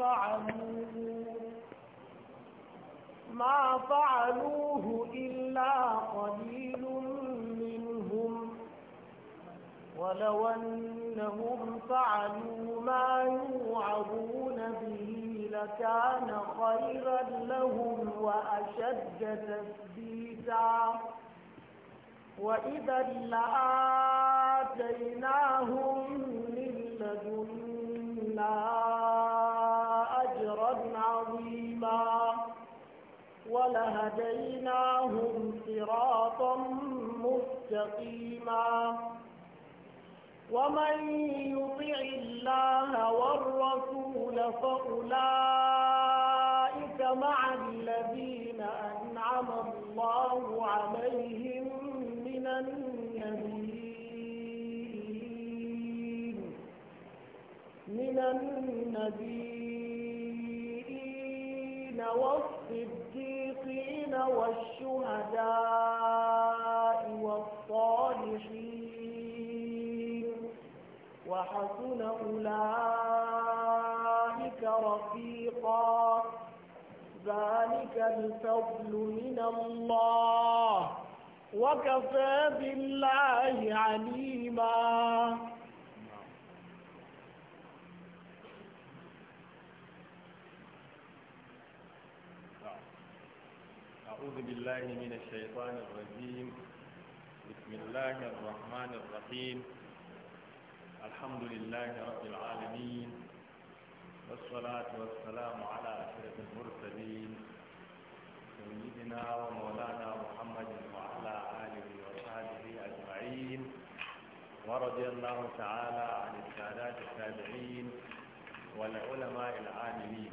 فعلوه ما فعلوه إلا قليل منهم ولو أنهم فعلوا ما يوعظون به لكان خيرا لهم وأشد تثبيتا وإذا لآتيناهم من لدنا مستقيما ولهديناهم صراطا مستقيما ومن يطع الله والرسول فأولئك مع الذين أنعم الله عليهم من النبيين من النبيين والصديقين والشهداء والصالحين وحسن أولئك رفيقا ذلك الفضل من الله وكفى بالله عليما أعوذ بالله من الشيطان الرجيم بسم الله الرحمن الرحيم الحمد لله رب العالمين والصلاة والسلام على أشرف المرسلين سيدنا ومولانا محمد وعلى آله وصحبه أجمعين ورضي الله تعالى عن السادات التابعين والعلماء العاملين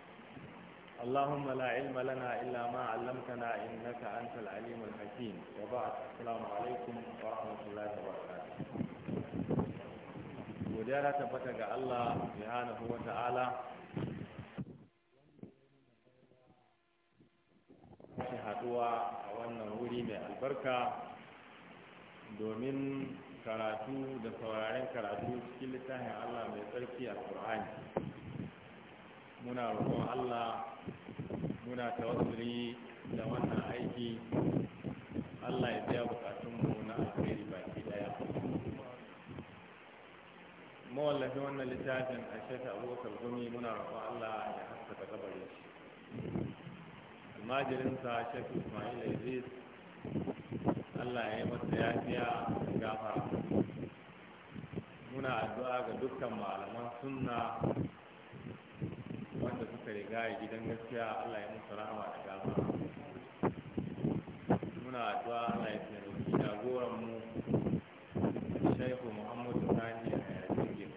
اللهم لا علم na إلا ما علمتنا إنك أنت العليم الحكيم وبعد السلام عليكم ورحمة الله وبركاته godiya tabbata ga Allah subhanahu wa ta'ala shi haduwa a wannan wuri mai albarka domin karatu da sauraren karatu cikin littafin Allah mai tsarki a Qur'ani muna roƙon Allah muna tawassuli da wannan aiki Allah ya biya bukatunmu na alheri baki daya mawallafi wannan littafin a shekha abubakar gumi muna roƙon Allah ya haskaka gabarin shi almajirinsa shekha ismail aziz Allah ya yi masa yafiya gafara muna addu'a ga dukkan malaman sunna wanda suka riga ya gidan gaskiya Allah ya musu rahama da gama muna addu'a Allah ya taimaki jagoran mu Shaifu Muhammadu Sani a Yajin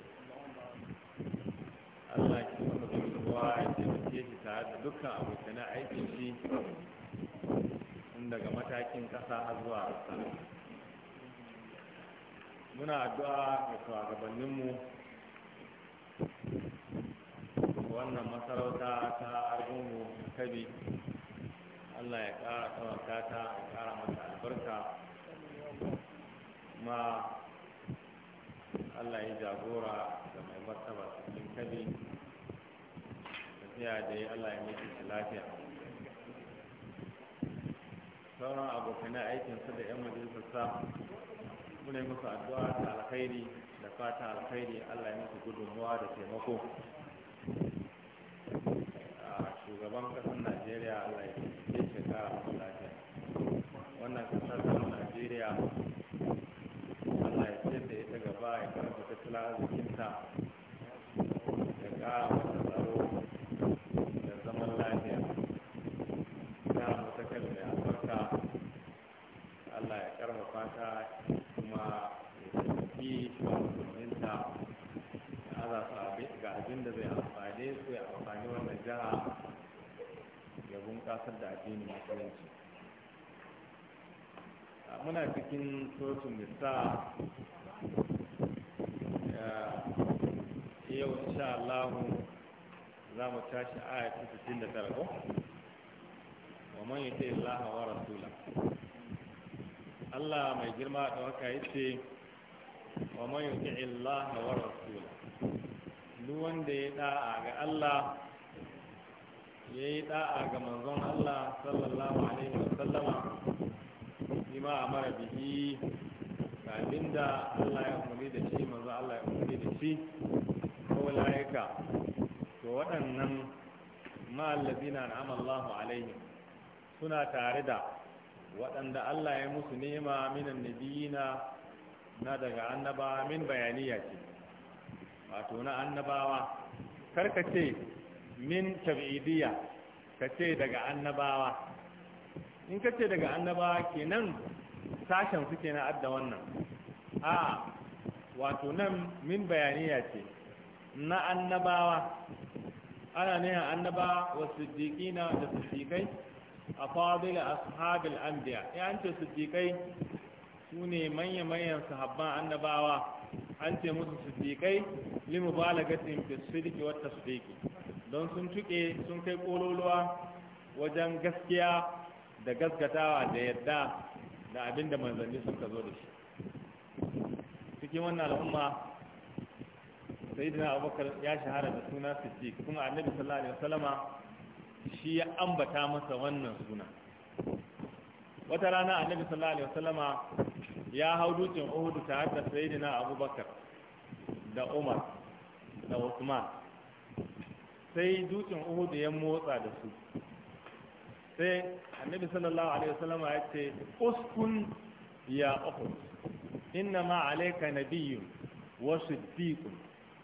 Allah ya kuma gudunwa ya taimake shi tare da dukkan abokan aikin shi daga matakin ƙasa har zuwa ƙasa muna addu'a ga shugabanninmu wannan masarauta ta argungu kabi allah ya ƙara tsawata ta ya ƙara mata albarka Ma allah ya jagora da mai martaba cikin kabi tafiya da ya allah ya miki ta lafiya sauran aikin su da 'yan sa muna yi musu addu'a ta alkhairi da fata alkhairi allah ya musu gudunmuwa da taimako shugaban kasar najeriya allah ya shekara masu lafiya wannan kasar ta najeriya allah ya ce da ita gaba ya karfa tattalin arzikinta ya kara masa muna cikin sotun nisa eh, yau insha Allahu! za mu tashi aya ta da tarago wa man yuti Allah wa rasula Allah mai girma da waka ce. wa man yuti Allah wa rasula duk wanda ya da'a ga Allah ya yi da'a ga manzon Allah sallallahu alaihi wa sallama bima amara bihi ga abinda ya umarni da shi manzo Allah ya umarni da shi ko laika to waɗannan ma allazina an'ama Allahu suna tare da waɗanda Allah ya musu nema minan nabiyina na daga annaba min bayaniya ce wato na annabawa karkace min tab'idiyya kace daga annabawa in ka ce daga annaba kenan sashen suke na adda wannan a wato nan min bayaniya ce na annabawa ana ne annaba wa siddiqina da siddiqai a fadila ashabil anbiya ya an ce siddiqai su ne manya-manyan sahabban annabawa an ce musu siddiqai li mubalagatin fi siddiqi wa tasdiqi don sun tuke sun kai kololuwa wajen gaskiya da gaskatawa da yadda da abin da manzanni suka zo da shi cikin wannan al'umma da abubakar ya shahara da suna sisi kuma annabi sallallahu alaihi wasallama shi ya ambata masa wannan suna wata rana annabi sallallahu alaihi wasallama ya hau dutsen hada tare da Abubakar da Umar da Usman sai dutsen Uhudu ya motsa da su sai annabi sallallahu alaihi wasallam ya ce uskun ya uhud inna ma alayka nabiyyun wa siddiqun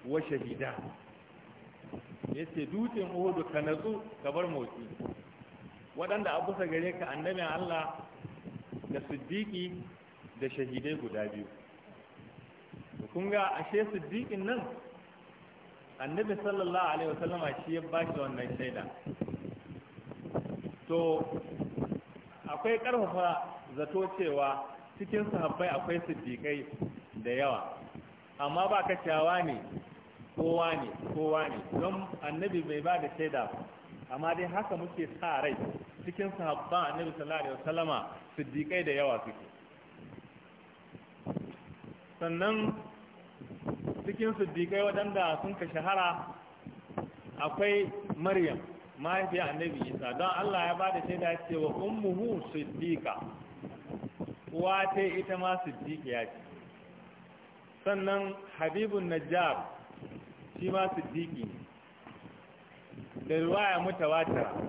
wa shahida yace dutsen uhud ka natsu ka bar motsi waɗanda abu sa gare ka annabi Allah da siddiqi da shahidai guda biyu kun ga ashe siddiqin nan annabi sallallahu alaihi wasallam shi ya bashi wannan shaida to akwai ƙarfafa zato cewa cikin sahabbai akwai siddiƙai da yawa amma ba ka cewa ne kowa ne kowa ne don annabi bai ba da shaida amma dai haka muke sa rai cikin sahabban annabi sallallahu alaihi wasallama siddiƙai da yawa suke sannan cikin siddiƙai waɗanda sun ka shahara akwai maryam mahaifiyar annabi isa don allah ya bada shaida cewa ummuhu siddiqa uwa ta ita ma siddiqiya ce sannan habibun najjar shi ma siddiqi ne da riwaya mutawatira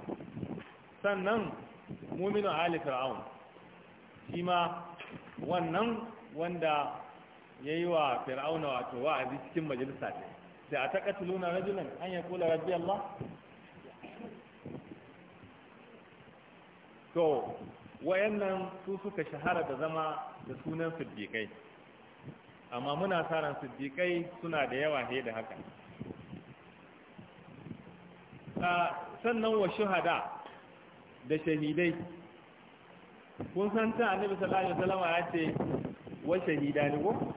sannan muminu ali fir'aun shi ma wannan wanda ya yi wa fir'auna wato wa'azi cikin majalisa ce sai a taƙatuluna rajulan an ya kula rabbi allah to wayannan su suka shahara da zama da sunan siddiƙai amma muna sa ran siddiƙai suna da yawa he da haka sannan wa shuhada da shahidai kun san ta annabi sallallahu alaihi wasallam ya ce wa shahida ne ko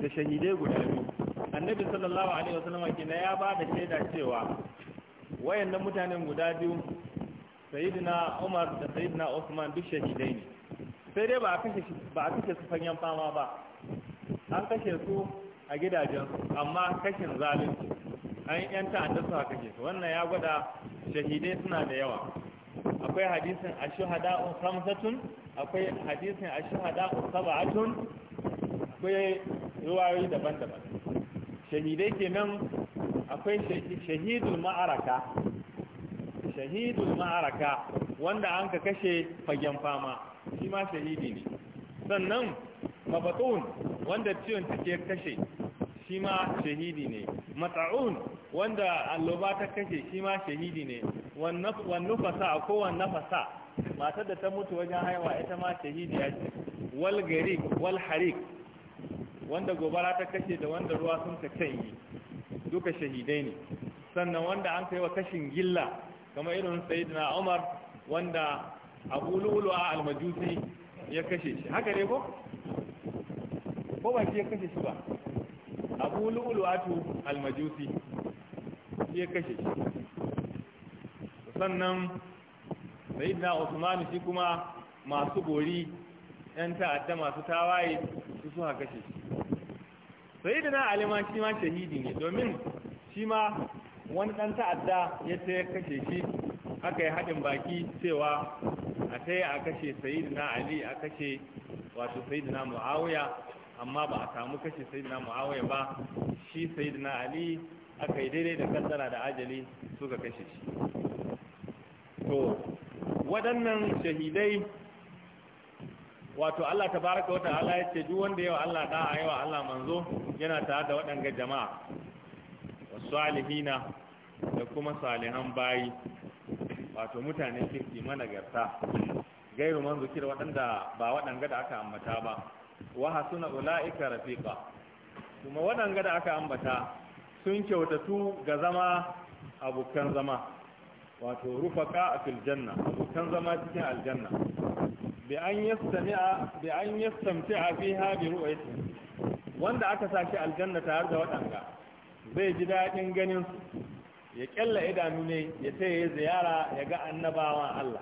da shahidai guda biyu annabi sallallahu alaihi wasallam kina ya ba da shaida cewa wayannan mutanen guda biyu sayidina umar da sayidina osman duk shahidai ne sai dai ba a kashe su fanyen fama ba an kashe su a gidajen amma kashin zalunci an yan ta'adda su kashe su wannan ya gwada shahidai suna da yawa akwai hadisin ashuhada'un samsatun akwai hadisin ashuhada'un saba'atun akwai ruwayoyi daban-daban shahidai kenan akwai shahidul ma'araka shahidul ma'araka wanda an ka kashe fagen fama shi ma shahidi ne sannan mabatun wanda ciwon take kashe shi ma shahidi ne mata'un wanda alloba ta kashe shi ma shahidi ne wannan fasa ko wannan fasa matar da ta mutu wajen haihuwa ita ma shahidi ya ce wal garik wal harik wanda gobara ta kashe da wanda ruwa sun ta canyi duka shahidai ne sannan wanda an kai wa kashin gilla kamar irin sayyidina Umar wanda Abu lulu a almajusi ya kashe shi haka ne ko ko ba shi ya kashe shi ba Abu a tu almajusi shi ya kashe shi sannan sayyidina Usmanu shi kuma masu gori yan ta'adda masu tawaye su suka kashe shi sayyidina Ali ma shi ma shahidi ne domin shi ma wani ɗan ta'adda ya ce ya kashe shi aka yi haɗin baki cewa a ta yi a kashe sayidina ali a kashe wato sayidina muawiya amma ba a samu kashe sayidina muawiya ba shi sayidina ali aka yi daidai da kaddara da ajali suka kashe shi to waɗannan shahidai wato Allah baraka wata ta'ala ya ce duk wanda yawa Allah da a yawa Allah manzo yana tare da waɗanga jama'a wasu alihina da kuma salihan bayi wato mutane kirki managarta gairu man zikir waɗanda ba waɗanga da aka ambata ba wa hasuna ula'ika rafiqa kuma waɗanga da aka ambata sun kyautatu ga zama abokan zama wato rufaka a fil janna abokan zama cikin aljanna bi an yastami'a bi an yastamti'a fiha bi ru'yati wanda aka saki aljanna tare da waɗanga zai ji daɗin ganin su ya kyalla idanu ne ya ta yi ziyara ya ga annabawan Allah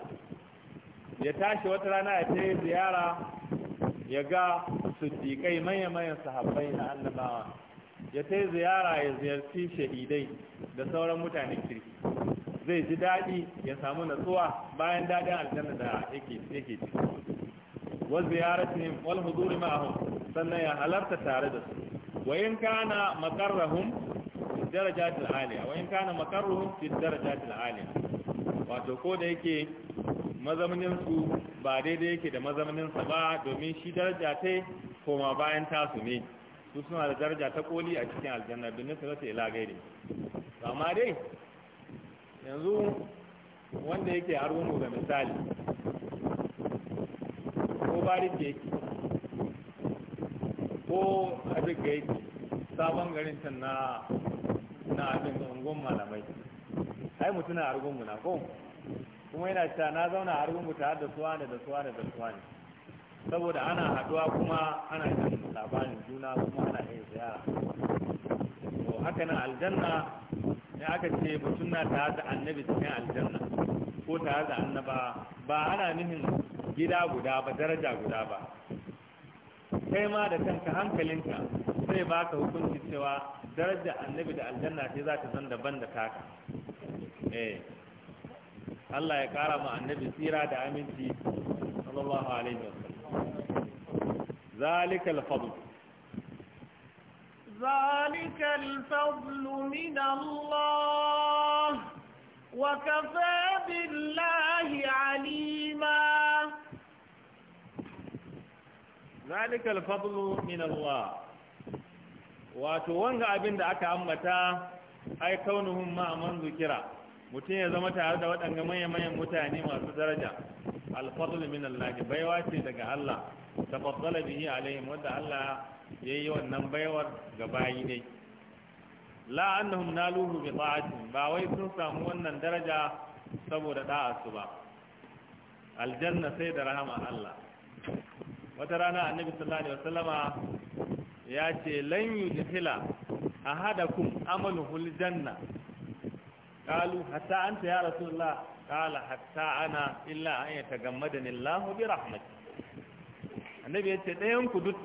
ya tashi wata rana ya ta ziyara ya ga suddiƙai manya-manyan sahabbai na annabawa ya ta ziyara ya ziyarci shahidai da sauran mutane kirki zai ji daɗi ya samu natsuwa bayan daɗin aljanna da yake yake ci wa ziyaratihim wal huduri ma'ahum sannan ya halarta tare da su wa in kana maqarrahum darajatul aliya wa in kana makaruhum fi darajatul wato ko da yake mazaunin ba daidai yake da mazaunin ba domin shi daraja ta koma bayan tasu ne su suna da daraja ta koli a cikin aljanna domin su zata ila gairi amma dai yanzu wanda yake arwunu ga misali ko bariki yake ko abin ga yake sabon garin can na na abin ungon malamai ai mutuna a argungu na ko kuma yana cewa na zauna a argungu tare da suwa da suwa da suwa ne saboda ana haduwa kuma ana yin labarin juna kuma ana yin ziyara to haka nan aljanna ne aka ce mutum na tare da annabi cikin aljanna ko tare da annaba ba ana nihin gida guda ba daraja guda ba kai ma da kanka hankalinka zai baka hukunci cewa darajar annabi da aljanna sai za ta zan daban da taka eh Allah ya kara mu annabi tsira da aminci sallallahu alaihi wasallam zalika al-fadl zalika al-fadl min Allah wa kafa billahi alima zalika al min Allah wato wanga abin da aka ambata ai kaunuhum ma man zukira mutum ya zama tare da waɗanga manya-manyan mutane masu daraja alfadl min Allah baiwa ce daga Allah tafaddala bihi alaihim wanda Allah yayi wannan baiwar ga bayi dai la annahum naluhu bi ta'atin ba wai sun samu wannan daraja saboda da'a su ba aljanna sai da rahama Allah wata rana annabi sallallahu alaihi wasallama ya ce lan kun amalu amaluhul janna qalu hatta ta ya rasulullah kala, hatta ana illa an ta yatagammadani Allah bi rahmati annabi yace ɗayan ku duk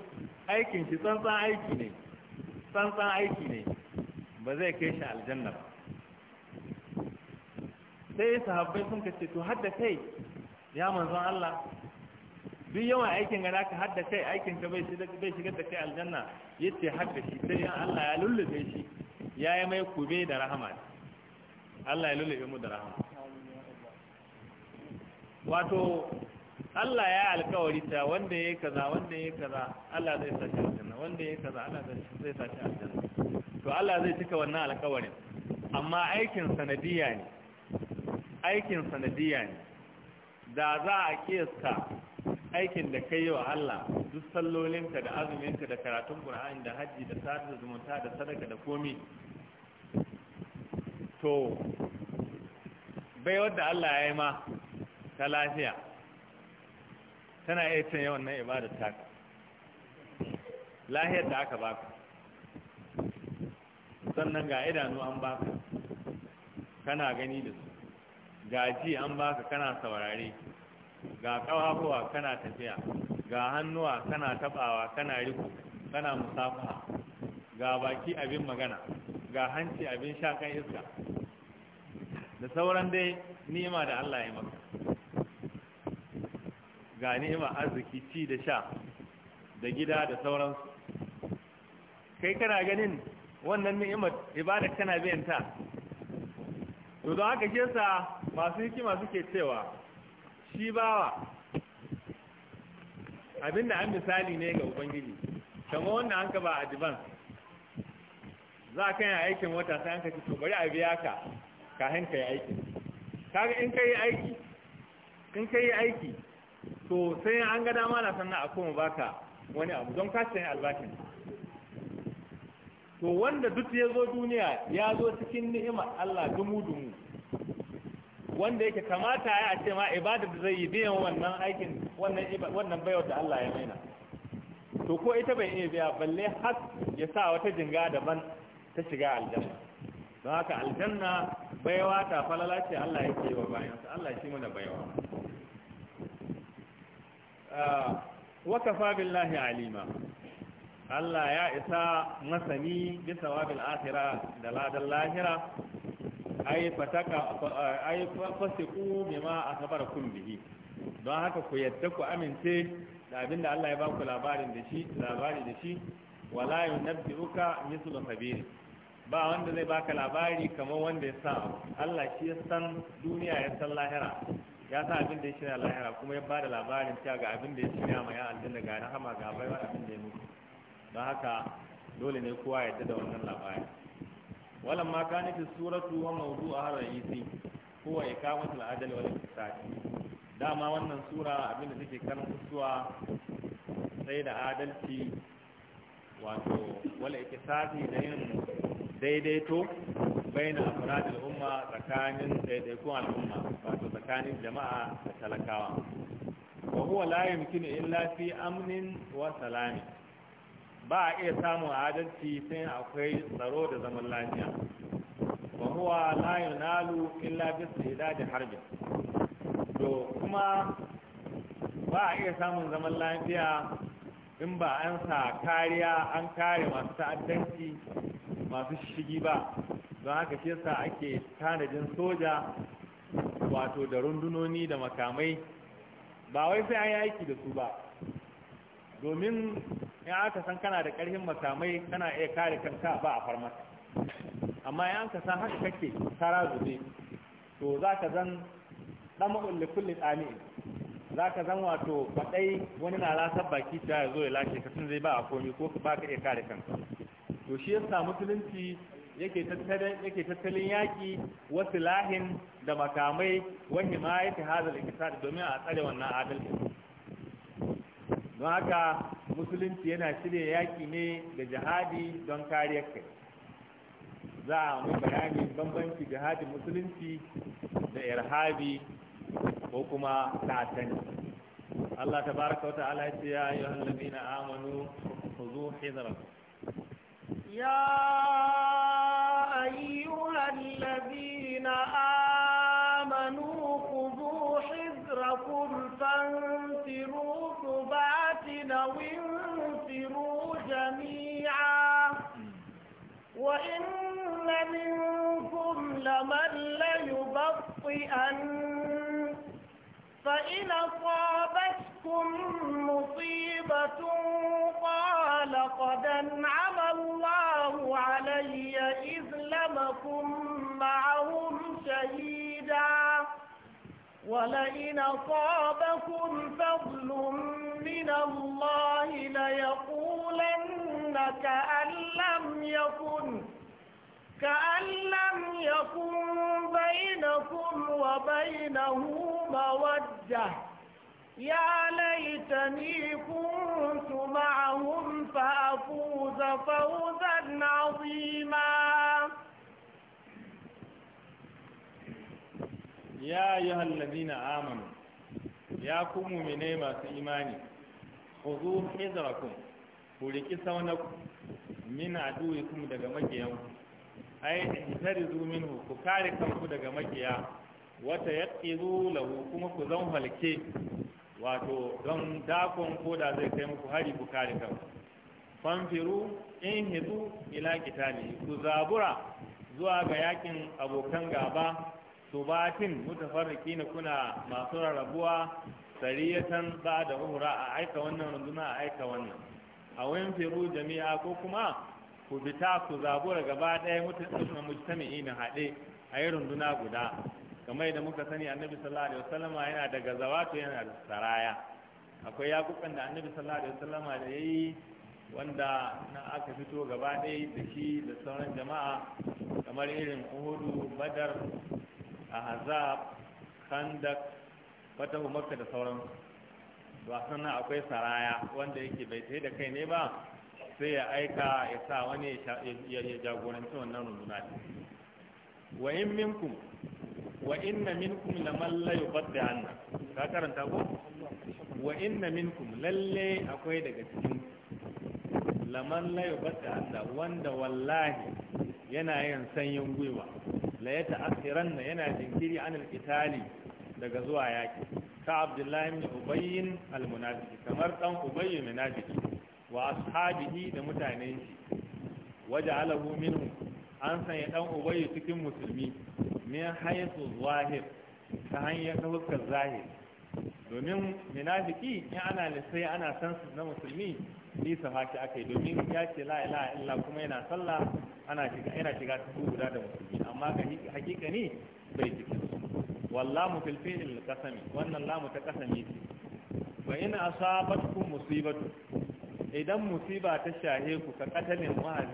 aikin shi tsantsan aiki ne tsantsan aiki ne ba zai kai shi aljanna ba sai sahabbai sun kace to hadda kai ya manzon Allah duk yawan aikin ga naka hadda kai aikin ka bai shigar da kai aljanna yace hadda shi sai yan Allah ya lullube shi ya yi mai kube da rahama Allah ya lullube mu da rahama wato Allah ya alkawari ta wanda ya kaza wanda ya kaza Allah zai sace aljanna wanda ya kaza Allah zai sace aljanna to Allah zai cika wannan alkawarin amma aikin sanadiyya ne aikin sanadiyya ne da za a kiyasta aikin da kai wa Allah duk sallolinka da azuminka da karatun Qur'ani da haji da sadar zumunta da sadaka da komi to bai wanda Allah ya yi ma ta lafiya tana iya cin yawan nan ibada taka lahiyar da aka baka sannan ga idanu an baka kana gani da su gaji an baka kana saurare ga ƙawafuwa kana tafiya ga hannuwa kana taɓawa, kana riko kana musafaha ga baki abin magana ga hanci abin shakan iska da sauran dai ni'ima da Allah ya maka ga ni'ima arziki ci da sha da gida da sauransu kai kana ganin wannan ni'imar ibada kana biyan ta to don haka kesa masu hikima suke cewa shi bawa abinda an misali ne ga ubangiji kama wannan an ka ba a Jiban za ka yi aikin wata sai an ka ci to bari a biya ka ka hanka yi aiki kaga in ka yi aiki in ka yi aiki to sai an ga dama na sannan a koma baka wani abu don ka yin albashin to wanda duk ya zo duniya ya zo cikin ni'imar Allah dumu dumu wanda yake kamata ya a ce ma ibada da zai yi biyan wannan aikin wannan baiwar da Allah ya maina to ko ita bai iya biya balle har ya sa wata jinga daban ta shiga aljanna don haka aljanna baiwa ta falala ce Allah yake yi wa bayansa Allah shi mana baiwa ah, wa kafa billahi alima Allah ya isa masani bisa wabil akhira da ladan lahira ai fataka ai fasiku sabar kun bihi don haka ku yadda ku amince da abinda Allah ya baku labarin da shi labari da shi wala yunabbiuka mislu khabir ba wanda zai baka labari kamar wanda ya sa Allah shi ya san duniya ya san lahira ya san abin da ya shirya lahira kuma ya ba da labarin cewa ga abin da ya shirya ma ya aljanna ga rahama ga wa abin da ya mutu don haka dole ne kowa ya yarda da wannan labarin ولما كانت السورة وموضوعها الرئيسي هو إقامة العدل والاقتصاد dama wannan sura abinda take karin kusuwa sai da adalci wato wala ikisasi da yin daidaito bayan afradil umma tsakanin daidaikun al'umma wato tsakanin jama'a da talakawa wa huwa la yumkinu amnin ba a iya samun adalci sai akwai tsaro da zaman lafiya ba huwa la yunalu illa bi istidadi harbi to kuma ba a iya samun zaman lafiya in ba an sa kariya an kare masu ta'addanci masu shigi ba don haka shi yasa ake tanadin soja wato da rundunoni da makamai ba wai sai an yi aiki da su ba domin in aka san kana da ƙarfin makamai kana iya kare kanka ba a farmaka amma in ka san haka kake tara zube to za ka zan ɗama'ul da kulli ɗami'in za ka zan wato baɗai wani na rasar baki ta ya zo ya lashe ka sun zai ba a komi ko ba ka iya kare kanka to shi yasa musulunci yake tattalin yaki wasu lahin da makamai wahima ya ta hazar ikisar domin a tsare wannan adalci don haka musulunci yana shirya yaki ne da jihadi don kariyar kai za a mu bayani bambanci jihadin musulunci da irhabi ko kuma ta'atani Allah ta baraka wa ta'ala ya ce ya ayyuhal na amanu khudhu hidrakum ya ayyuhal ladina amanu khudhu hidrakum ba. وانفروا جميعا وإن منكم لمن ليبطئن فإن أصابتكم مصيبة قال قد أنعم الله علي إذ لمكم معهم شهيدا ولئن أصابكم فضل من الله ليقولن كأن لم يكن كأن لم يكن بينكم وبينه مودة يا ليتني كنت معهم فأفوز فوزا عظيما ya yi hallazina amanu ya ku mumine masu imani ku zo hizarakun ku riki saunaku min aduwikum daga makiyanku ai zo minhu ku kare kanku daga makiya wata yaqizu lahu kuma ku zan halke wato don dakon koda zai kai muku hari ku kare kanku fanfiru in hizu ila kitali ku zabura zuwa ga yakin abokan gaba subatin mutafarriqina kuna masu rarrabuwa sariyatan ba da uhura a aika wannan runduna a aika wannan a wayan firu jami'a ko kuma ku bita ku zabura gaba ɗaya mutum mujtami'ina haɗe a yi runduna guda kamar yadda muka sani annabi sallallahu alaihi wasallama yana da zawatu yana da saraya akwai yakukan da annabi sallallahu alaihi wasallama da yayi wanda na aka fito gaba ɗaya da shi da sauran jama'a kamar irin uhudu badar ahzab khandak wata makka da sauransu ba sannan akwai saraya wanda yake bai sai da kai ne ba sai ya aika ya sa wani ya jagoranci wannan runduna wa in minkum wa inna minkum lamal la yubaddi anna ka karanta ko wa inna minkum lalle akwai daga cikin laman la yubaddi anna wanda wallahi yana yin sanyin gwiwa la ya ta'akhiran yana jinkiri an alqitali daga zuwa yaki ka abdullahi ibn ubayy almunafiki? kamar dan ubayy munafiki wa ashabihi da mutanen shi waja'alahu minhum an sanya dan ubayy cikin musulmi min haythu zahir ta hanyar ta fuskar zahiri domin munafiki in ana lissai ana san su na musulmi ni su haki aka yi domin ya ce la ilaha illa kuma yana sallah ana shiga yana shiga ta guda da musulmi amma hakika ne bai cikin su wallahu fil fi'l qasami wannan lamu ta kasami ce wa in asabatkum musibatu idan musiba ta shahe ku ka katalin wa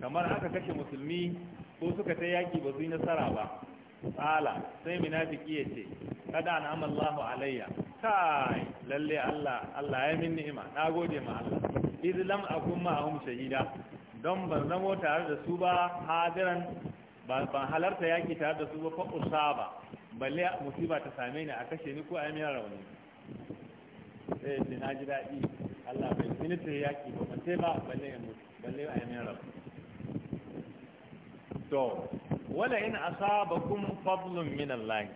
kamar aka kashe musulmi ko suka ta yaki ba su yi nasara ba tsala sai munafiki ya ce kada na amallahu alayya kai lalle Allah Allah ya min ni'ima na gode ma Allah idh lam akun hum shahida don ban zamo tare da su ba hadiran ban halarta yaki tare da su ba fa usaba balle musiba ta same ni a kashe ni ko a yi rauni eh, sai din na ji daɗi Allah bai minita yaki ba ban sai ba balle ya mutu balle a rauni to wala in asabakum fadlun min Allah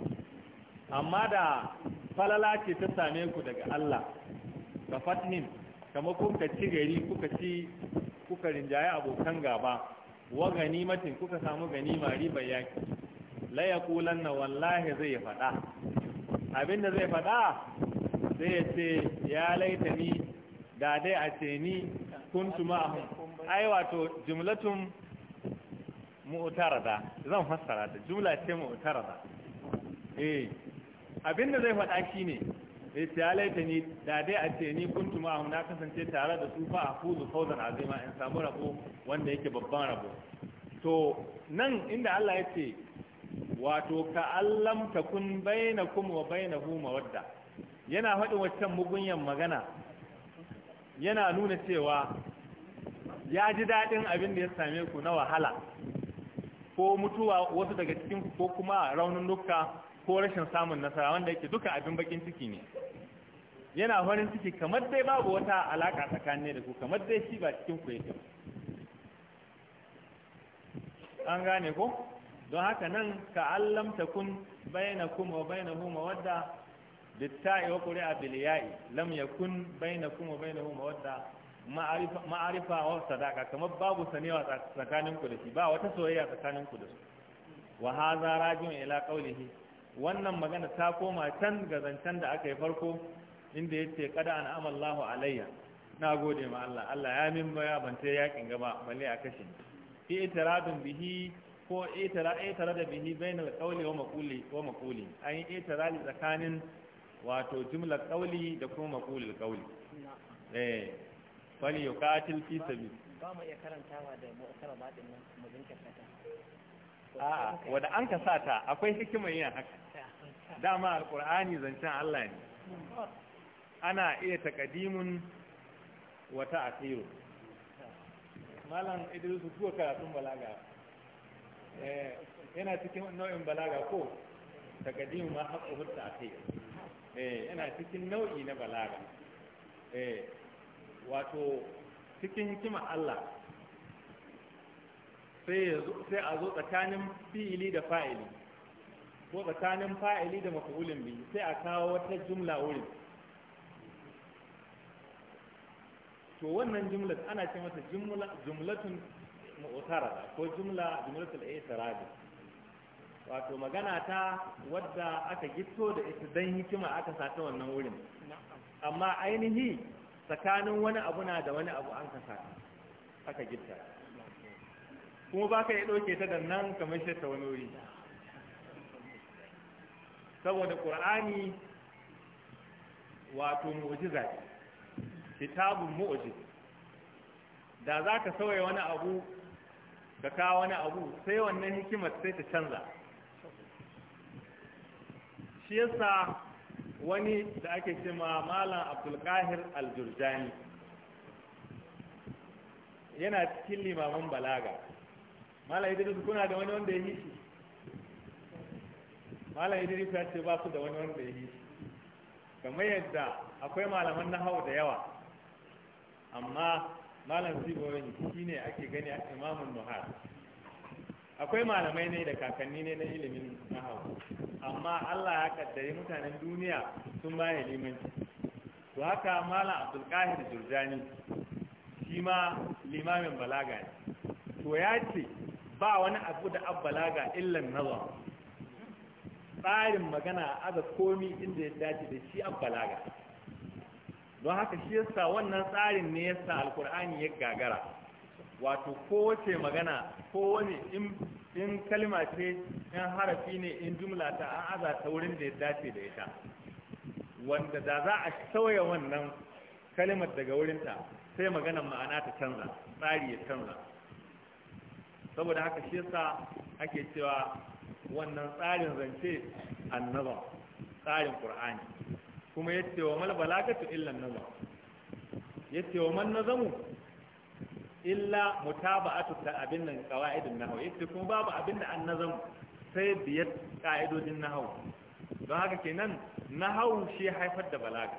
amma da falala ce ta same ku daga Allah ka fathin kama kuka ci gari kuka ci kuka rinjaye abokan gaba wa ganimatin kuka samu ganima riba yaki la na wallahi zai fada abinda zai fada sai ya ce ya laita ni da dai a ce ni kuntu ma'ahum ai wato jumlatun mu'tarada zan fassara ta jumla ce mu'tarada eh abin da zai faɗa shi ne eh, ya laita ni da dai a ce ni kuntu ma na kasance tare da su fa a fuzu fauzan azima in samu rabo wanda yake babban rabo to nan inda Allah ya ce wato ka allam ta kun takun bainakum wa bainahu mawadda yana faɗin waccan mugunyan magana yana nuna cewa ya ji daɗin abin da ya same ku na wahala ko mutuwa wasu daga cikin ko kuma raunin dukka ko rashin samun nasara wanda yake duka abin bakin ciki ne yana farin ciki kamar dai babu wata alaka tsakanin da ku kamar dai shi ba cikin ku yake an gane ko don haka nan ka allam takun kuma wa bainahu mawadda bitta'i wa qur'a bil ya'i lam yakun kuma wa bainahu mawadda ma'arifa ma'arifa wa sadaqa kamar babu sanewa tsakanin ku da shi ba wata soyayya tsakanin ku da su wa hadha rajin ila qawlihi wannan magana ta koma can ga zancen da aka yi farko inda ya ce kada an amallahu alayya na gode ma Allah Allah ya min baya ban ta yakin gaba balle a kashe fi itiradun bihi ko itira itira da bihi bainal alqawli wa maquli wa maquli an yi itira tsakanin wato jumlar qawli da kuma maqulil qawli eh fali yuqatil fi sabil ba mu iya karantawa da mu'tara ba din nan mu zinka ta. a wanda an ka sata akwai hikimar yin haka dama Alƙur'ani zancen Allah ne ana iya takadimun wata asiru malam idrisu kuwa karatun balaga eh, yana cikin nau'in balaga ko takadimu ma haƙa hutta kai yana cikin nau'i na balaga eh, wato cikin hikima Allah sai a zo tsakanin fi'ili da fa'ili ko tsakanin fa'ili da mafa'ulin bi sai a kawo wata jumla wurin to wannan jumla ana ce mata jumlatun mu'tara ko jumla jumlatul i'tiradi wato magana ta wadda aka gitto da ita dan hikima aka sata wannan wurin amma ainihi tsakanin wani abu na da wani abu an kasa aka gitta kuma ba ka yi ɗauke ta da nan kamar shi ta wani wuri saboda ƙur'ani wato mu'jiza kitabun mu'jiz da za ka sauya wani abu ka wani abu sai wannan hikimar sai ta canza shi yasa wani da ake cima malam abdulkahir aljurjani yana cikin limamin balaga malam idris kuna da wani wanda ya yi shi malam idris ya ce ba su da wani wanda ya yi kamar yadda akwai malaman na hau da yawa amma malam siborin shi ne ake gani a imamun nuhar akwai malamai ne da kakanni ne na ilimin na hau amma allah ya kaddari mutanen duniya sun baya limanci to haka malam abdulkahir jurjani shi ma limamin balaga ne to ya ce ba wani abu da abbalaga illan nazar tsarin magana aza komi inda ya dace da shi an balaga don haka shi yasa wannan tsarin ne yasa alkur'ani ya gagara wato kowace magana kowane in kalma ce in harafi ne in jumla ta an aza ta wurin da ya dace da ita wanda da za a sauya wannan kalimar daga wurinta sai maganar ma'ana ta canza tsari ya canza saboda haka shi yasa ake cewa wannan tsarin zance annaba tsarin qur'ani kuma yace wa mal balagatu illa annaba yace wa man nazamu illa mutaba'atu ta abin nan qawaidin nahwu yace kuma babu abin da an nazamu sai biyar ka'idodin nahwu don haka kenan nahwu shi haifar da balaga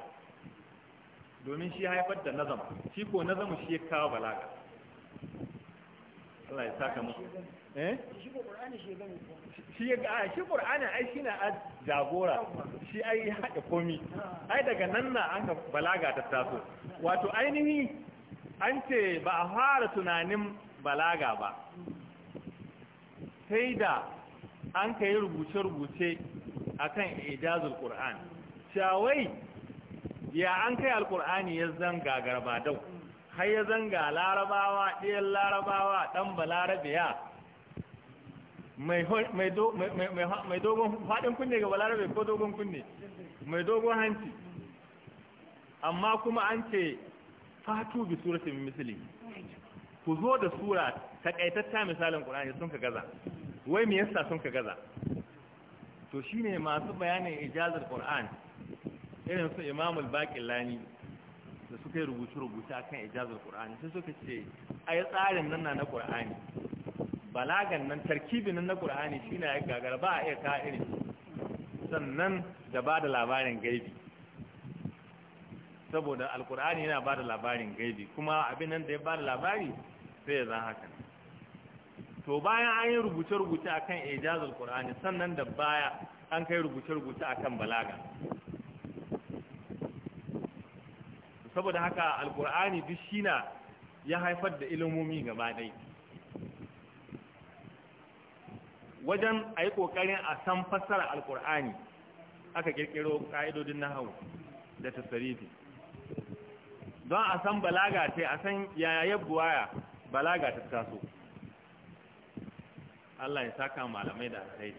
domin shi haifar da nazam shi ko nazamu shi ya kawo balaga Allah ya saka musu eh shi qur'ani shi qur'ani ai jagora shi ai haɗa komi ai daga nan na an balaga ta taso wato ainihi an ce ba a fara tunanin balaga ba sai da an ka yi rubuce-rubuce akan ijazul qur'an shawai ya an kai Alƙur'ani ya zan gagarbadau har ya zanga larabawa ɗiyan larabawa ɗan balarabiya mai dogon faɗin kunne ga balarabe ko dogon kunne mai dogon hanci amma kuma an ce fatu bi suratin misali ku zo da sura takaitatta misalin ƙulani sun ka gaza wai me yasa sun ka gaza to shine masu bayanin ijazar ƙul'an irin su imamul baƙin lani suka yi rubuce-rubuce a kan ijazar ƙur'ani sai suka ce a yi tsarin nan na ƙur'ani balagan nan tarkibin nan na ƙur'ani shi na ya gagara ba a iya ka irin sannan da ba da labarin gaibi saboda alƙur'ani yana ba da labarin gaibi kuma abin nan da ya ba da labari sai ya zan haka to bayan an yi rubuce-rubuce a kan ijazar ƙur'ani sannan da baya an kai rubuce-rubuce a kan balaga saboda haka alkur'ani duk shina ya haifar da ilimomi gaba dai wajen a yi ƙoƙarin a san fassara alkur'ani aka ƙirƙiro ƙa'idodin hau da tasarifi don a san balaga ce a san yaya buwaya balaga ta taso Allah ya saka malamai da alkhairi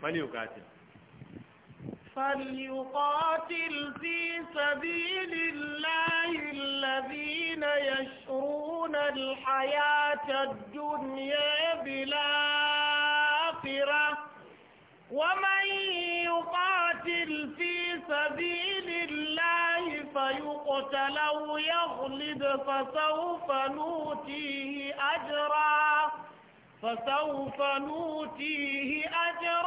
faliyu فليقاتل في سبيل الله الذين يشرون الحياة الدنيا بالآخرة ومن يقاتل في سبيل الله فيقتل أو يغلب فسوف نوتيه أجرا فسوف نوتيه أجرا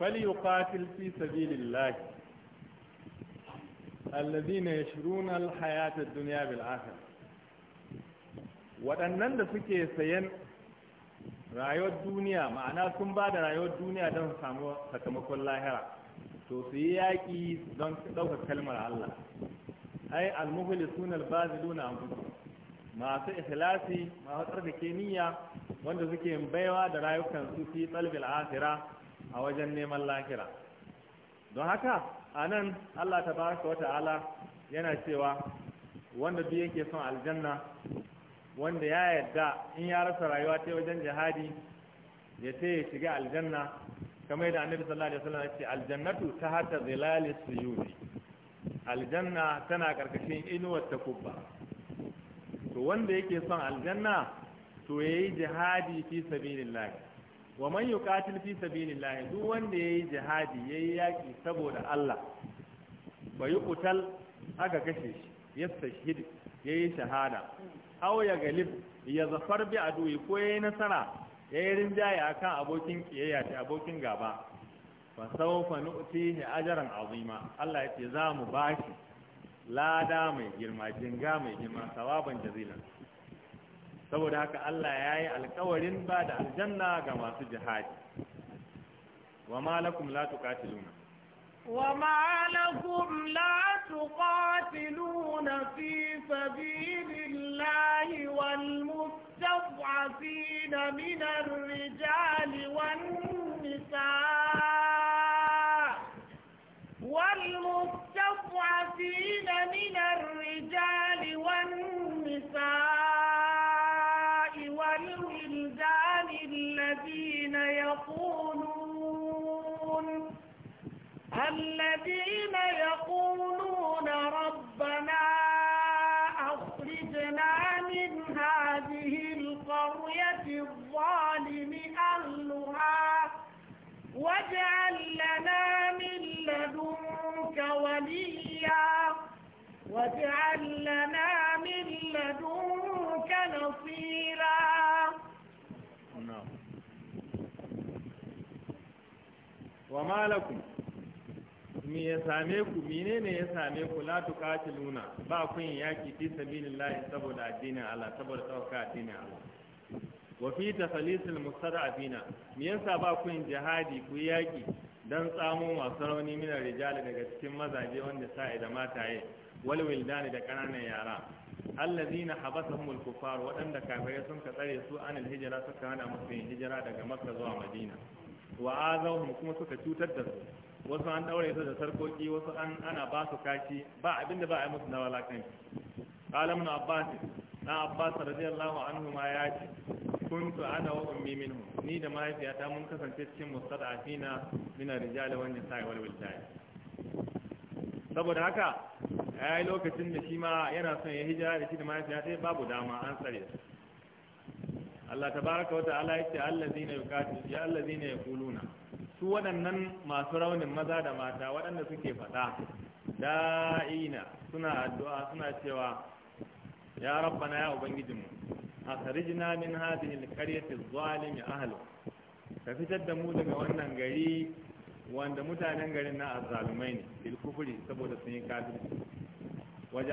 فليقاتل في سبيل الله الذين يشرون الحياة الدنيا بالآخرة waɗannan da suke sayan rayuwar duniya ma'ana sun ba da rayuwar duniya don su samu sakamakon lahira to su yi yaƙi don ɗauka kalmar Allah ai almuhuli sunar baziluna an masu ikhlasi masu tsarkake niyya wanda suke baiwa da rayukan su fi tsalbil akhira a wajen neman lahira don haka a nan allah ta baraka wata'ala yana cewa wanda duk yake son aljanna wanda ya yarda in ya rasa rayuwa ta wajen jihadi ya ce ya shiga aljanna kamar yadda annabi sallallahu alaihi wasallam ya ce aljannatu ta hata zilali suyuti aljanna tana karkashin inuwar kubba. to wanda yake son aljanna to yayi jihadi fi sabilillah wa man yuqatil fi sabilillah duk wanda yayi jihadi yayi yaki saboda Allah ba yuqtal aka kashe shi yastashhid yayi shahada aw ya galib ya zafar bi adui ko yayi nasara yayi rinjaye akan abokin kiyayya ta abokin gaba fa sawfa nu'tihi ajran azima Allah ya ce za mu bashi lada mai girma jinga mai girma sawaban jazilan saboda haka Allah ya yi alkawarin ba da aljanna ga masu jihadi wa malakum la tuqatiluna wa malakum la tuqatiluna fi sabilillahi wal mustad'afin min ar-rijali wan nisaa wal mustad'afin min ar-rijali الذين يقولون ربنا أخرجنا من هذه القرية الظالم أهلها واجعل لنا من لدنك وليا واجعل لنا من لدنك نصيرا نعم. وما لكم me ya same ku menene ya same ku la tuqatiluna ba kun yaki fi sabilillahi saboda addinin Allah saboda tsawaka addinin Allah wa fi tafalisil mustada'afina me yasa ba ku kun jihadi ku yaki dan tsamo masu rauni mina rijali daga cikin mazaje wanda sa'i da mataye wal wildani da kananan yara allazina habasahumul kufar waɗanda kafirai sun ka tsare su anil hijira suka hana musu yin hijira daga makka zuwa madina wa azawhum kuma suka cutar da su wasu an daure su da sarkoki wasu an ana ba su kashi ba abinda ba a yi musu na walakanci qalamun abbas na abbas radiyallahu anhu ma ya ce kuntu ana wa ummi minhu ni da mahaifiyata mun kasance cikin mustadafina min ar-rijali wan nisa'i wal wildan saboda haka ai lokacin da shi ma yana son ya hijira da shi da mahaifiyata babu dama an tsare su Allah tabaraka wa ta'ala yace allazina yuqatiluna ya allazina yaquluna su waɗannan masu raunin maza da mata waɗanda suke faɗa da'ina suna addu'a suna cewa ya rabbana ya ubangijinmu akhrijna min hadhihi alqaryati adh-dhalimi ahlu ka fitar da mu daga wannan gari wanda mutanen garin na azzalumai ne bil kufri saboda sun yi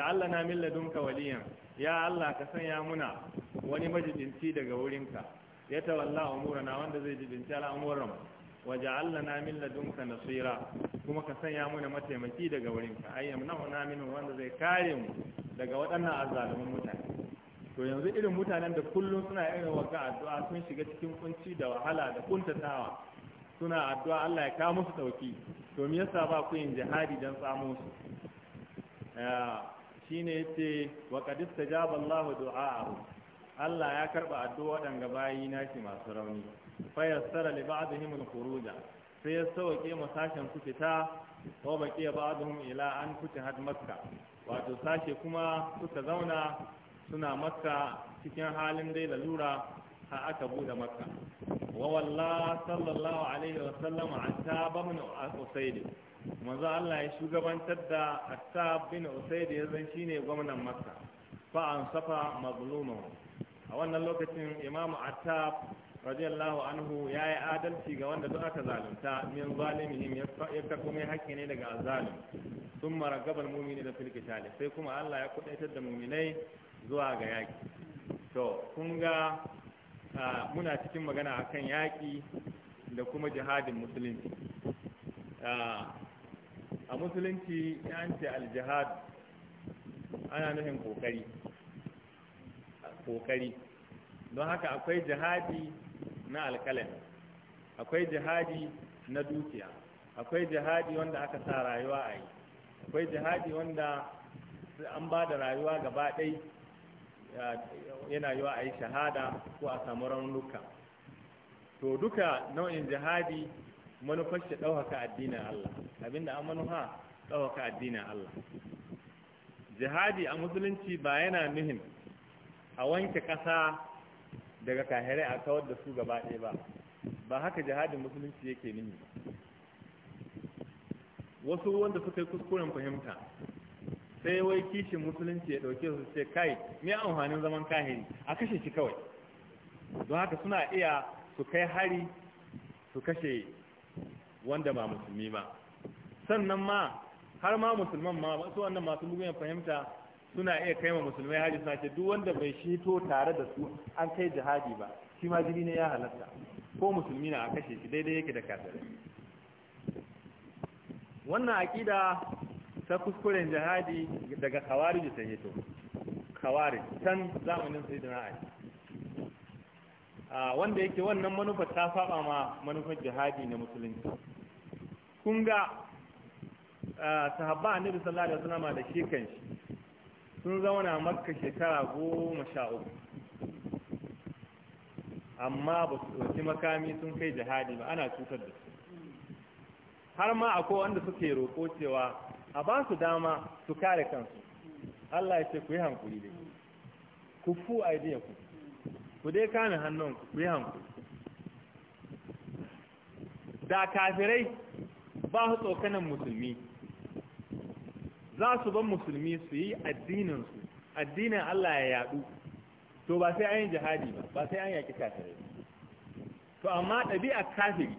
Allah na min ladunka waliyan ya Allah ka sanya muna wani majidinci daga wurinka ya tawalla umurana wanda zai jibinci al'amuran mu Allah na min ladunka nasira kuma ka sanya muna mataimaki daga wurin ka ayyam na min wanda zai kare mu daga waɗannan azzalumin mutane to yanzu irin mutanen da kullum suna irin wagga addu'a sun shiga cikin kunci da wahala da kuntatawa suna addu'a Allah ya kawo musu dauki to me yasa ba ku yin jihadi dan samu su shine yace wa qad istajaba Allahu du'a Allah ya karba addu'a dan bayi nashi masu rauni fayassara li ba'dihim al-khuruja sai ya sauke ma sashen su fita wa baqiya ba'dhum ila an futihat makka wato sashe kuma suka zauna suna makka cikin halin dai lalura har aka bude makka wa walla sallallahu alaihi wa sallam attab ibn usayd manzo Allah ya shugabantar da attab bin usayd ya zan shine gwamnan makka fa an safa mazlumahu a wannan lokacin imamu attab radiyallahu anhu ya yi adalci ga wanda duk aka zalunta min zalimihim ya karɓi mai hakki ne daga zalim sun mara gabar mumini da tali sai kuma allah ya kudaitar da muminai zuwa ga yaƙi to kun ga muna cikin magana akan yaƙi da kuma jihadin musulunci a musulunci ya ce aljihad ana nufin kokari don haka akwai jihadi na alƙalami akwai jihadi na dukiya akwai jihadi wanda aka sa rayuwa a yi akwai jihadi wanda an ba da rayuwa gaba ɗai yana yiwa a yi shahada ko a samu raunuka to duka nau'in jihadi manufar shi ɗaukaka addinin Allah abinda an manufa ɗaukaka addinin Allah jihadi a musulunci ba yana nuhin a wanke ƙasa daga kahirai a kawar da su gaba ɗaya ba ba haka jihadin musulunci yake nini wasu wanda suka yi kuskuren fahimta sai wai kishin musulunci ya ɗauke su ce kai me amfanin zaman kahiri a kashe shi kawai don haka suna iya su kai hari su kashe wanda ba musulmi ba sannan ma har ma musulman ma wasu wannan masu bugun fahimta suna iya kai ma musulmai Haji suna ce duk wanda bai shito tare da su an kai jihadi ba shi ma jini ne ya halatta ko musulmi na a kashe shi daidai yake da kafirai wannan aƙida ta kuskuren jihadi daga khawarij ta hito khawarij tan zamanin sayyidina ali a wanda yake wannan manufa ta saba ma manufar jihadi na musulunci kun ga sahabba annabi sallallahu alaihi wasallam da shi kanshi sun zauna makka shekara goma sha uku amma ba su ɗauki makami sun kai jihadi ba ana cutar da su har ma akwai wanda suke roƙo cewa a ba su dama su kare kansu Allah ya ce ku yi hankuli dai ku fu aidiya ku ku dai kame hannun ku yi hankuli da kafirai ba su tsokanan musulmi za su ban musulmi su yi addininsu addinin Allah ya yadu to ba sai an yi jihadi ba ba sai an yaki kafirai to amma ɗabi'a kafiri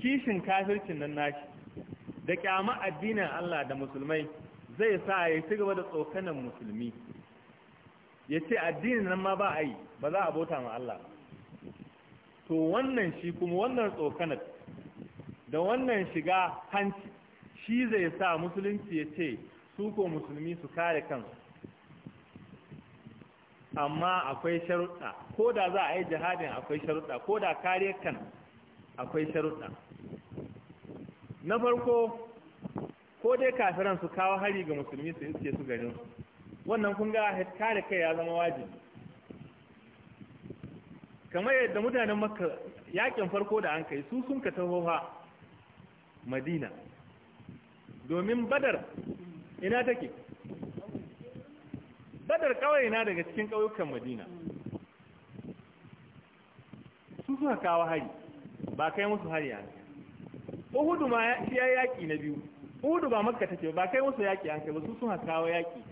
kishin kafircin nan nashi da kyama addinin Allah da musulmai zai sa ya ci gaba da tsokanan musulmi ya ce addinin nan ma ba a yi ba za a bauta ma Allah to wannan shi kuma wannan tsokanar da wannan shiga hanci shi zai sa musulunci ya ce su ko musulmi su kare kansu amma akwai sharuɗa ko da za a yi jihadin akwai sharuɗa ko da kare kan akwai sharuɗa na farko ko dai kafiran su kawo hari ga musulmi su iske su garin wannan kun ga kare kai ya zama wajibi kamar yadda mutanen makka yakin farko da an kai su sun ka taho madina domin badar ina take badar kawai na daga cikin ƙauyukan madina su suka kawo hari ba kai musu hari an uhudu ma ya yaki na biyu uhudu ba makka take ba kai musu yaki an kai ba su suka kawo yaki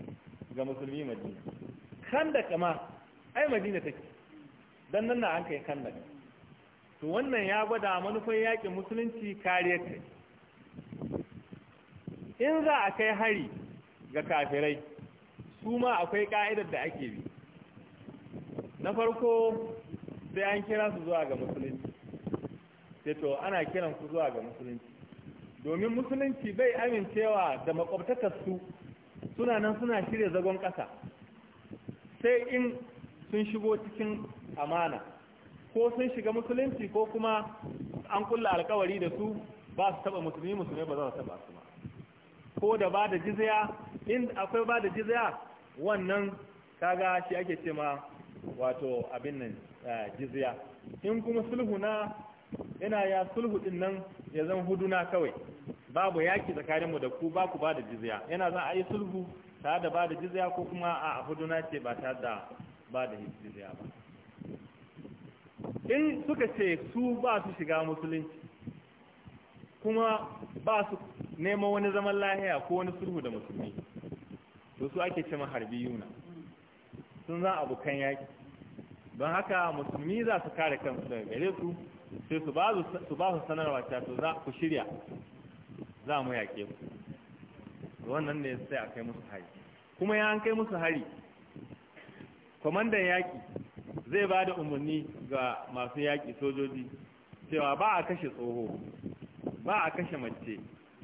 ga musulmi madina da kama ai madina take dan nan na an kai da to wannan ya gwada manufar yakin musulunci kariyar kai in za a kai hari ga kafirai su ma akwai ka'idar da ake bi na farko sai an kira su zuwa ga musulunci sai to ana kiran su zuwa ga musulunci domin musulunci bai amincewa da makwabtakarsu suna nan suna shirya zagon ƙasa sai in sun shigo cikin amana ko sun shiga musulunci ko kuma an kulla alkawari da su ba su taba musulmi musulmi ba za su taba su ba ko da ba da jizya in akwai ba da jizya wannan kaga shi ake ce ma wato abin nan eh, jizya in kuma sulhu na yana ya sulhu din nan ya zan huduna kawai babu yaki tsakanin mu da ku ba ku ba da jizya yana zan a yi sulhu tare da ba da jizya ko kuma a huduna ce ba tare da ba da jizya ba in suka ce su ba su shiga musulunci kuma ba su neman wani zaman lahiya ko wani sulhu da musulmi to su ake cewa harbi yuna sun za abokan yaki don haka musulmi za su kare kansu daga gare su sai su ba su sanarwa ta to za ku shirya za mu yake ku wannan ne sai a kai musu hari kuma ya an kai musu hari kwamandan yaƙi zai ba da umarni ga masu yaki sojoji cewa ba a kashe tsoho ba a kashe mace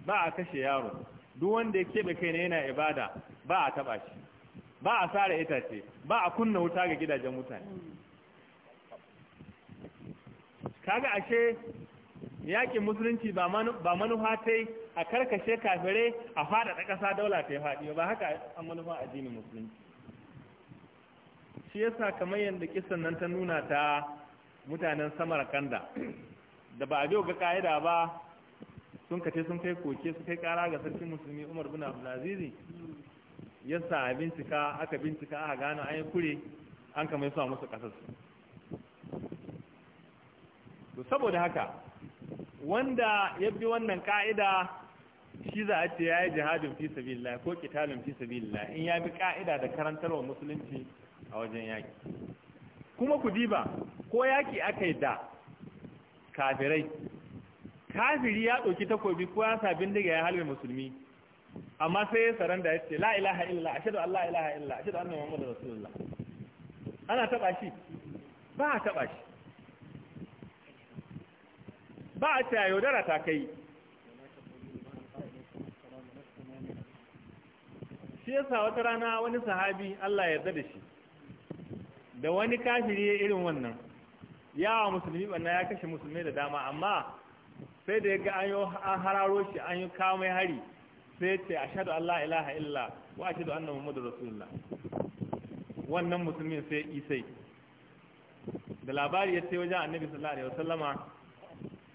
ba a kashe yaro duk wanda ya keɓe kai yana ibada ba a taɓa shi ba a sare itace ba a kunna wuta ga gidajen mutane kaga ashe yakin musulunci ba manufa ta a karkashe kafirai a faɗaɗa ƙasa daula ta yi faɗi ba haka an manufa addinin musulunci shi yasa kamar yadda kisan nan ta nuna ta mutanen samar kanda da ba a biyo ga ƙa'ida ba sun kace sun kai koke su kai kara ga sarkin musulmi umar bin abdulaziz ya sa bincika aka bincika aka gano an yi kure an kama su musu kasar to saboda haka wanda ya bi wannan ka'ida shi za a ce ya yi jihadin fi sabilillah ko kitalin fi sabilillah in ya bi ka'ida da karantarwa musulunci a wajen yaki kuma ku diba ko yaki aka da kafirai kafiri ya ɗauki takobi ko ya sabin diga ya halin musulmi amma sai ya da ya ce la ilaha illa ashhadu an Allah, ilaha illa ashhadu anna muhammadar rasulullah ana taɓa shi ba a taɓa shi ba a ta yaudara ta kai shi yasa wata rana wani sahabi Allah ya yarda da shi da wani kafiri ya irin wannan yawa musulmi ɓanna ya kashe musulmi da dama amma sai da ya ga an hararo shi an yi kawo mai hari sai ce a shaɗu Allah ilaha illa wa a shaɗu annan Muhammadu Rasulullah wannan musulmin sai isai da labari ya ce wajen annabi sallallahu alaihi wasallama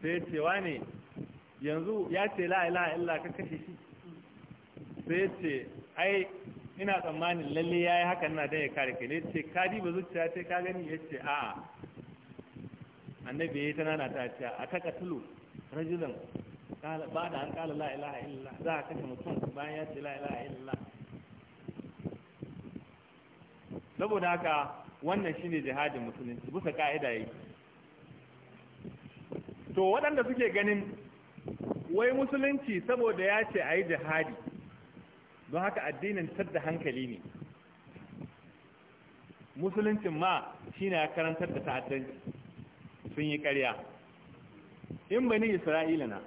sai ce wa ne yanzu ya ce la ilaha illa ka kashe shi sai ce ai ina tsammanin lalle ya yi hakan na don ya kare kai ne ce ka diba zuciya ce ka gani ya ce a'a annabi ya yi ta nana ta ce a taka tulu rajulan ba da an kala la ilaha illallah za a kashe mutum bayan ya ce la ilaha illallah saboda haka wannan shine jihadin musulunci bisa ka'ida yake to waɗanda suke ganin wai musulunci saboda ya ce a yi jihadi don haka addinin tadda hankali ne musuluncin ma shine ya karantar da ta'addanci sun yi ƙarya in bani isra'ila na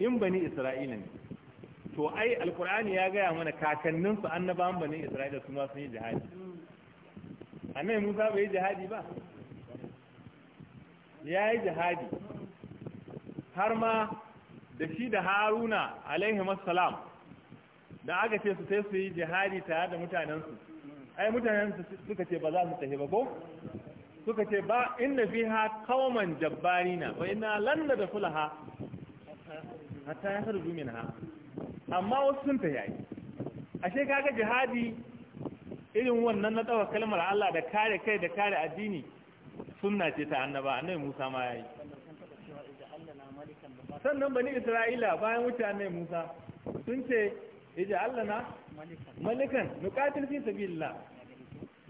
in bani isra'ila ne to ai alkur'ani ya gaya mana kakanninsu annabawan bani isra'ila su ma sun yi jihadi annabi musa bai yi jihadi ba ya yi jihadi har ma da shi da haruna alaihi salam da aka ce su sai su yi jihadi tare da mutanensu ai mutanensu suka ce ba za su tafi ba ko suka ce ba inna fiha qauman jabbarina fa inna lan nadkhulaha hatta yakhruju minha amma wasu sun ta yayi ashe kaga jihadi irin wannan na tsawa kalmar Allah da kare kai da kare addini sunna ce ta annaba annabi Musa ma yayi sannan bani Isra'ila bayan wuce annabi Musa sun ce ija Allah na malikan nuqatil fi sabilillah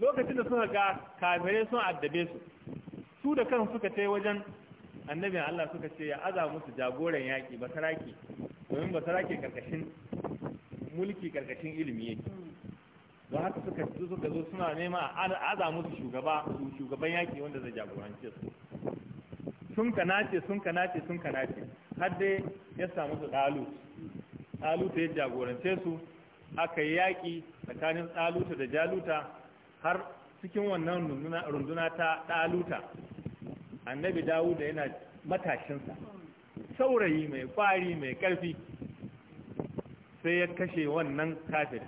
lokacin da suka ga kafirai sun addabe su su da kan suka tai wajen annabin Allah suka ce ya aza musu jagoran yaƙi basarake domin basarake karkashin mulki karkashin ilimi yake don haka suka suka zo suna nema a aza musu shugaba shugaban yaƙi wanda zai jagorance su sun kanace sun kanace sun kanace har dai ya samu su ɗalut ɗaluta ya jagorance su aka yi yaƙi tsakanin ɗaluta da jaluta har cikin wannan runduna ta ɗaluta annabi dawo da yana matashinsa saurayi mai kwari mai ƙarfi sai ya kashe wannan kafir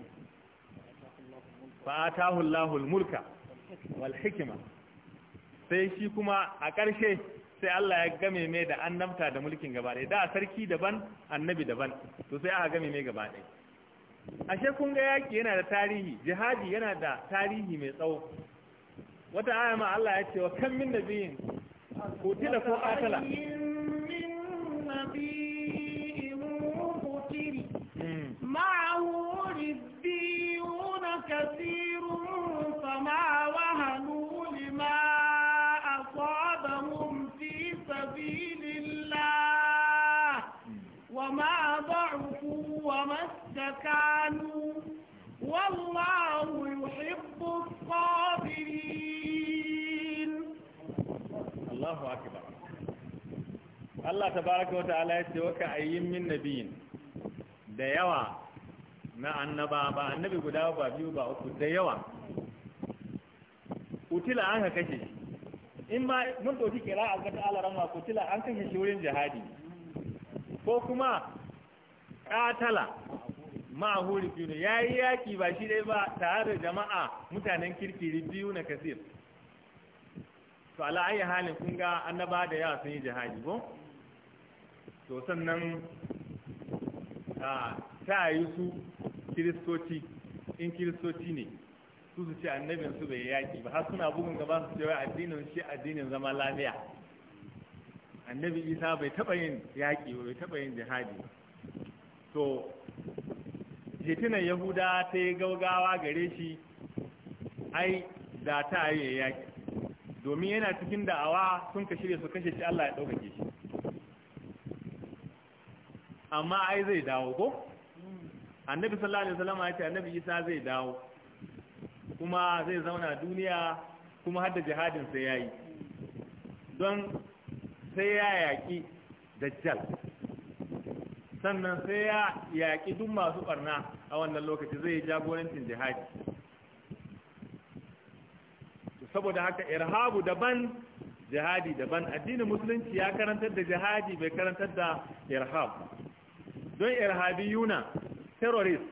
fa'atahu Allahul mulka wal hikima sai shi kuma a ƙarshe sai Allah ya game mai da annabta da mulkin gaba ɗaya da sarki daban annabi daban to sai aka game mai gaba ɗaya ashe kun ga yaki yana da tarihi jihadi yana da tarihi mai tsawo wata aya ma Allah ya ce wa kan min nabiyin kutila ko qatala معه ربيون كثير Allah ta baraka الله أكبر ya تبارك وتعالى يتوكى أيين من نبيين da yawa na annaba ba annabi guda ba biyu ba uku da yawa utila an ka kashe shi in ba mun ɗauki kira a zata alaran ma utila an kashe shi wurin jihadi ko kuma ƙatala ma'ahu rifiyun ya yi yaki ba shi dai ba tare da jama'a mutanen kirkiri biyu na kasir to ala ayi halin kun ga annaba da yawa sun yi jihadi ko to sannan ta yi su kiristoci in kiristoci ne su su ce annabin su bai yaki ba har suna bugun gaba su ce wai addinin shi addinin zama lafiya annabi isa bai taba yin yaki bai taba yin jihadi to fitinan yahuda ta yi gaugawa gare shi ai da ta yi yaki domin yana cikin da'awa sun ka shirya su kashe shi Allah ya ɗaukake shi amma ai zai dawo ko annabi sallallahu alaihi wasallam ya ce annabi Isa zai dawo kuma zai zauna duniya kuma har da jihadin sai yayi don sai ya yaki dajjal sannan sai ya yaƙi duk masu ɓarna a wannan lokaci zai jagorancin jihadi saboda haka irhabu daban jihadi daban addinin musulunci ya karantar da jihadi bai karantar da irhabu. don irhabi yuna, terrorist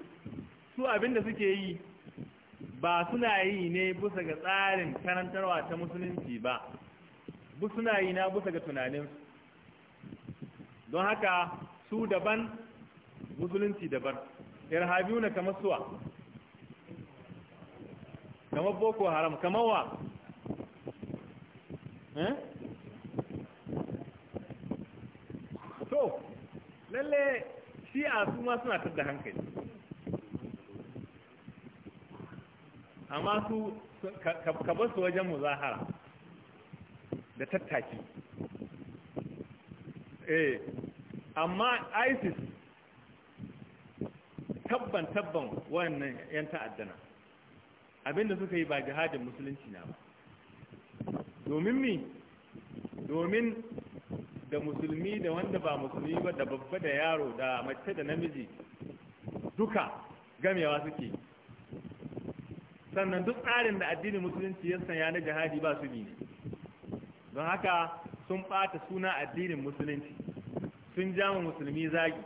su abinda suke yi ba suna yi ne bisa ga tsarin karantarwa ta musulunci ba bu suna yi na bisa ga tunaninsu don haka su daban musulunci daban irhabiyuna kamar suwa kamar boko haram kamar wa eh? to lalle shi'a su ma suna tadda hankali amma su ka bar su wajen muzahara da tattaki eh amma isis tabban tabban wannan 'yan ta'addana abinda suka yi ba jihadin musulunci na ba domin mi domin da musulmi da wanda ba musulmi ba da babba da yaro da mace da namiji duka gamewa suke sannan duk tsarin da addinin musulunci ya sanya na jihadi ba su ne don haka sun bata suna addinin musulunci sun ja jama musulmi zagi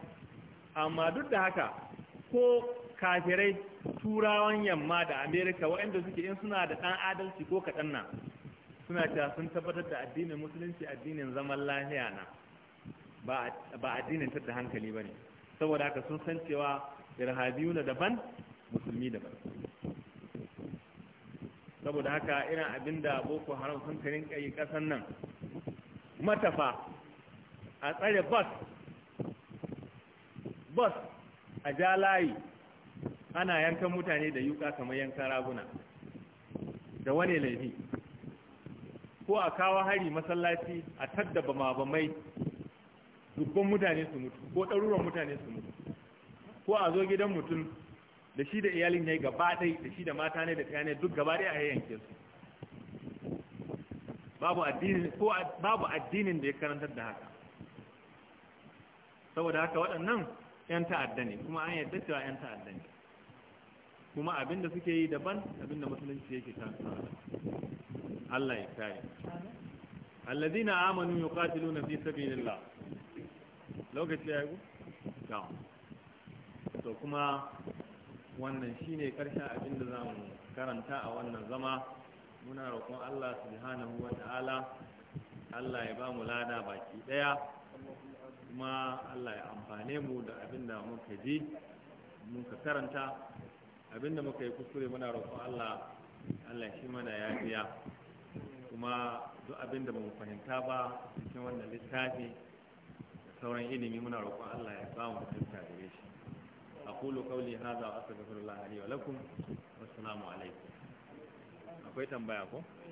amma duk da haka ko kafirai turawan yamma da amerika waɗanda suke in suna da ɗan adalci ko kaɗan na suna cewa sun tabbatar da addinin musulunci addinin zaman lahiya na ba addinin da hankali ba ne saboda haka sun san cewa irhabiyu na daban musulmi daban saboda haka irin abinda boko haram sun karin kayi kasan nan matafa a tsare bus bus a ja layi ana yankan mutane da yuka kamar yankan raguna da wane laifi ko a kawo hari masallaci a taddaba mabamai dubban mutane su mutu ko ɗaruruwan mutane su mutu ko a zo gidan mutum da shi da iyalin ya yi gaba ɗai da shi da mata ne da kayanai duk gaba ɗai a yanke su babu addinin da ya karantar da haka saboda haka waɗannan 'yan ta'adda ne kuma an yadda cewa 'yan ta'adda ne kuma abin da suke yi daban abin da musulunci yake Allah ya kare amanu fi lokaci ya yi to kuma wannan shine karshen abin da zamu karanta a wannan zama muna roƙon Allah subhanahu wata'ala Allah ya ba mu lada baki ɗaya kuma Allah ya amfane mu da abinda muka ji muka karanta abinda muka yi kuskure muna roƙon Allah Allah shi mana biya kuma duk abinda da mu fahimta ba cikin wannan littafi da sauran ilimi muna roƙon Allah ya ba mu fahimta gare shi aqulu qawli hadha wa astaghfirullah li wa lakum alaikum akwai tambaya ko